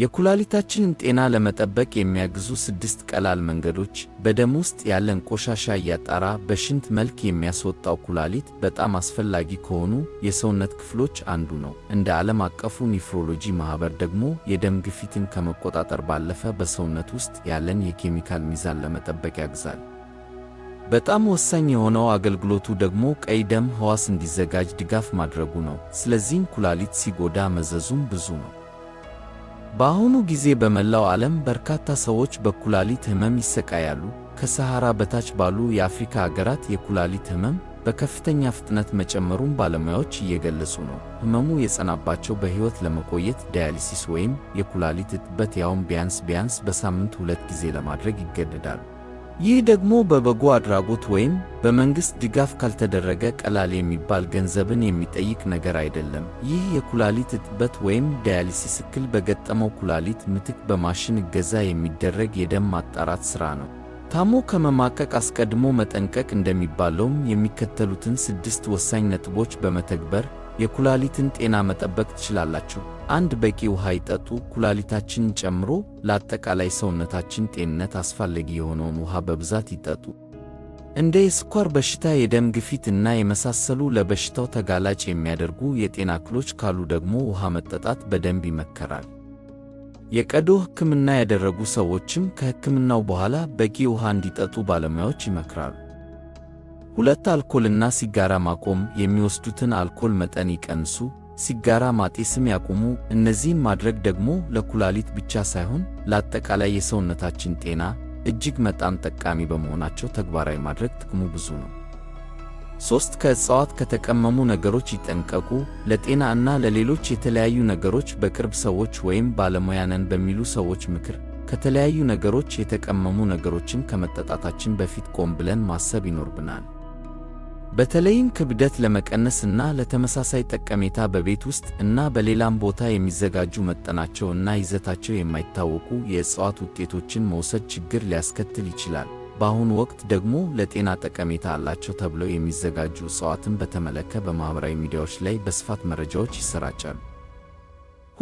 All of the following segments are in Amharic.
የኩላሊታችንን ጤና ለመጠበቅ የሚያግዙ ስድስት ቀላል መንገዶች። በደም ውስጥ ያለን ቆሻሻ እያጣራ በሽንት መልክ የሚያስወጣው ኩላሊት በጣም አስፈላጊ ከሆኑ የሰውነት ክፍሎች አንዱ ነው። እንደ ዓለም አቀፉ ኒፍሮሎጂ ማኅበር ደግሞ የደም ግፊትን ከመቆጣጠር ባለፈ በሰውነት ውስጥ ያለን የኬሚካል ሚዛን ለመጠበቅ ያግዛል። በጣም ወሳኝ የሆነው አገልግሎቱ ደግሞ ቀይ ደም ሕዋስ እንዲዘጋጅ ድጋፍ ማድረጉ ነው። ስለዚህም ኩላሊት ሲጎዳ መዘዙም ብዙ ነው። በአሁኑ ጊዜ በመላው ዓለም በርካታ ሰዎች በኩላሊት ሕመም ይሰቃያሉ። ከሰሃራ በታች ባሉ የአፍሪካ አገራት የኩላሊት ሕመም በከፍተኛ ፍጥነት መጨመሩን ባለሙያዎች እየገለጹ ነው። ህመሙ የጸናባቸው በሕይወት ለመቆየት ዳያሊሲስ ወይም የኩላሊት እጥበት ያውም ቢያንስ ቢያንስ በሳምንት ሁለት ጊዜ ለማድረግ ይገደዳሉ። ይህ ደግሞ በበጎ አድራጎት ወይም በመንግሥት ድጋፍ ካልተደረገ ቀላል የሚባል ገንዘብን የሚጠይቅ ነገር አይደለም። ይህ የኩላሊት እጥበት ወይም ዳያሊሲስ እክል በገጠመው ኩላሊት ምትክ በማሽን እገዛ የሚደረግ የደም ማጣራት ሥራ ነው። ታሞ ከመማቀቅ አስቀድሞ መጠንቀቅ እንደሚባለውም የሚከተሉትን ስድስት ወሳኝ ነጥቦች በመተግበር የኩላሊትን ጤና መጠበቅ ትችላላችሁ። አንድ በቂ ውሃ ይጠጡ። ኩላሊታችንን ጨምሮ ለአጠቃላይ ሰውነታችን ጤንነት አስፈላጊ የሆነውን ውሃ በብዛት ይጠጡ። እንደ የስኳር በሽታ፣ የደም ግፊት እና የመሳሰሉ ለበሽታው ተጋላጭ የሚያደርጉ የጤና እክሎች ካሉ ደግሞ ውሃ መጠጣት በደንብ ይመከራል። የቀዶ ሕክምና ያደረጉ ሰዎችም ከሕክምናው በኋላ በቂ ውሃ እንዲጠጡ ባለሙያዎች ይመክራሉ። ሁለት አልኮልና ሲጋራ ማቆም። የሚወስዱትን አልኮል መጠን ይቀንሱ። ሲጋራ ማጤስም ያቁሙ። እነዚህን ማድረግ ደግሞ ለኩላሊት ብቻ ሳይሆን ለአጠቃላይ የሰውነታችን ጤና እጅግ በጣም ጠቃሚ በመሆናቸው ተግባራዊ ማድረግ ጥቅሙ ብዙ ነው። ሶስት ከእጽዋት ከተቀመሙ ነገሮች ይጠንቀቁ። ለጤና እና ለሌሎች የተለያዩ ነገሮች በቅርብ ሰዎች ወይም ባለሙያ ነን በሚሉ ሰዎች ምክር ከተለያዩ ነገሮች የተቀመሙ ነገሮችን ከመጠጣታችን በፊት ቆም ብለን ማሰብ ይኖርብናል። በተለይም ክብደት ለመቀነስ እና ለተመሳሳይ ጠቀሜታ በቤት ውስጥ እና በሌላም ቦታ የሚዘጋጁ መጠናቸው እና ይዘታቸው የማይታወቁ የዕፅዋት ውጤቶችን መውሰድ ችግር ሊያስከትል ይችላል። በአሁኑ ወቅት ደግሞ ለጤና ጠቀሜታ አላቸው ተብለው የሚዘጋጁ ዕፅዋትን በተመለከተ በማኅበራዊ ሚዲያዎች ላይ በስፋት መረጃዎች ይሰራጫሉ።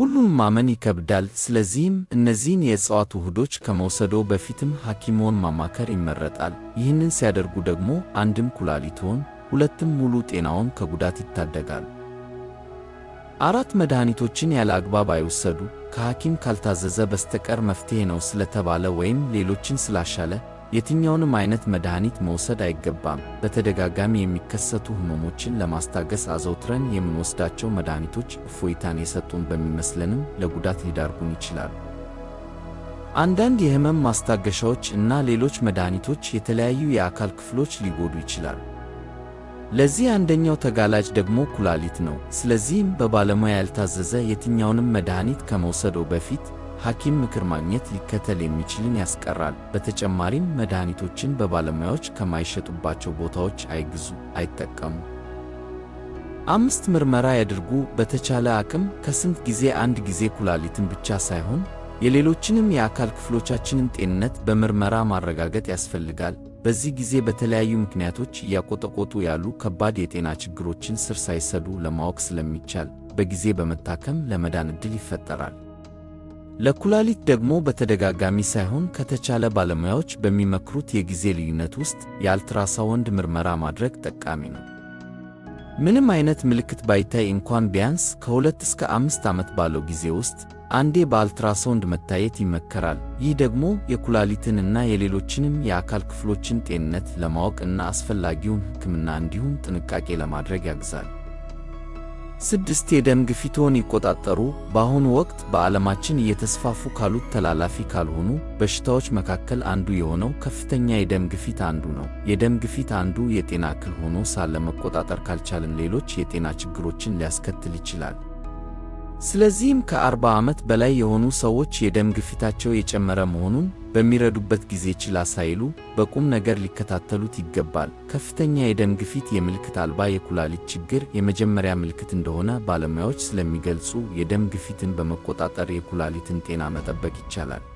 ሁሉም ማመን ይከብዳል። ስለዚህም እነዚህን የዕፅዋት ውህዶች ከመውሰዶ በፊትም ሐኪምዎን ማማከር ይመረጣል። ይህንን ሲያደርጉ ደግሞ አንድም ኩላሊትዎን ሁለትም ሙሉ ጤናውን ከጉዳት ይታደጋሉ። አራት መድኃኒቶችን ያለ አግባብ አይወሰዱ። ከሐኪም ካልታዘዘ በስተቀር መፍትሄ ነው ስለተባለ ወይም ሌሎችን ስላሻለ የትኛውንም አይነት መድኃኒት መውሰድ አይገባም። በተደጋጋሚ የሚከሰቱ ህመሞችን ለማስታገስ አዘውትረን የምንወስዳቸው መድኃኒቶች እፎይታን የሰጡን በሚመስለንም ለጉዳት ሊዳርጉን ይችላሉ። አንዳንድ የህመም ማስታገሻዎች እና ሌሎች መድኃኒቶች የተለያዩ የአካል ክፍሎች ሊጎዱ ይችላሉ። ለዚህ አንደኛው ተጋላጭ ደግሞ ኩላሊት ነው። ስለዚህም በባለሙያ ያልታዘዘ የትኛውንም መድኃኒት ከመውሰዶ በፊት ሐኪም ምክር ማግኘት ሊከተል የሚችልን ያስቀራል። በተጨማሪም መድኃኒቶችን በባለሙያዎች ከማይሸጡባቸው ቦታዎች አይግዙ፣ አይጠቀሙ። አምስት ምርመራ ያድርጉ። በተቻለ አቅም ከስንት ጊዜ አንድ ጊዜ ኩላሊትን ብቻ ሳይሆን የሌሎችንም የአካል ክፍሎቻችንን ጤንነት በምርመራ ማረጋገጥ ያስፈልጋል። በዚህ ጊዜ በተለያዩ ምክንያቶች እያቆጠቆጡ ያሉ ከባድ የጤና ችግሮችን ስር ሳይሰዱ ለማወቅ ስለሚቻል በጊዜ በመታከም ለመዳን ዕድል ይፈጠራል። ለኩላሊት ደግሞ በተደጋጋሚ ሳይሆን ከተቻለ ባለሙያዎች በሚመክሩት የጊዜ ልዩነት ውስጥ የአልትራሳውንድ ምርመራ ማድረግ ጠቃሚ ነው። ምንም ዓይነት ምልክት ባይታይ እንኳን ቢያንስ ከሁለት እስከ አምስት ዓመት ባለው ጊዜ ውስጥ አንዴ በአልትራሳውንድ መታየት ይመከራል። ይህ ደግሞ የኩላሊትን እና የሌሎችንም የአካል ክፍሎችን ጤንነት ለማወቅ እና አስፈላጊውን ሕክምና እንዲሁም ጥንቃቄ ለማድረግ ያግዛል። ስድስት የደም ግፊትዎን ይቆጣጠሩ። በአሁኑ ወቅት በዓለማችን እየተስፋፉ ካሉት ተላላፊ ካልሆኑ በሽታዎች መካከል አንዱ የሆነው ከፍተኛ የደም ግፊት አንዱ ነው። የደም ግፊት አንዱ የጤና እክል ሆኖ ሳለ መቆጣጠር ካልቻልን ሌሎች የጤና ችግሮችን ሊያስከትል ይችላል። ስለዚህም ከአርባ ዓመት በላይ የሆኑ ሰዎች የደም ግፊታቸው የጨመረ መሆኑን በሚረዱበት ጊዜ ችላ ሳይሉ በቁም ነገር ሊከታተሉት ይገባል። ከፍተኛ የደም ግፊት የምልክት አልባ የኩላሊት ችግር የመጀመሪያ ምልክት እንደሆነ ባለሙያዎች ስለሚገልጹ የደም ግፊትን በመቆጣጠር የኩላሊትን ጤና መጠበቅ ይቻላል።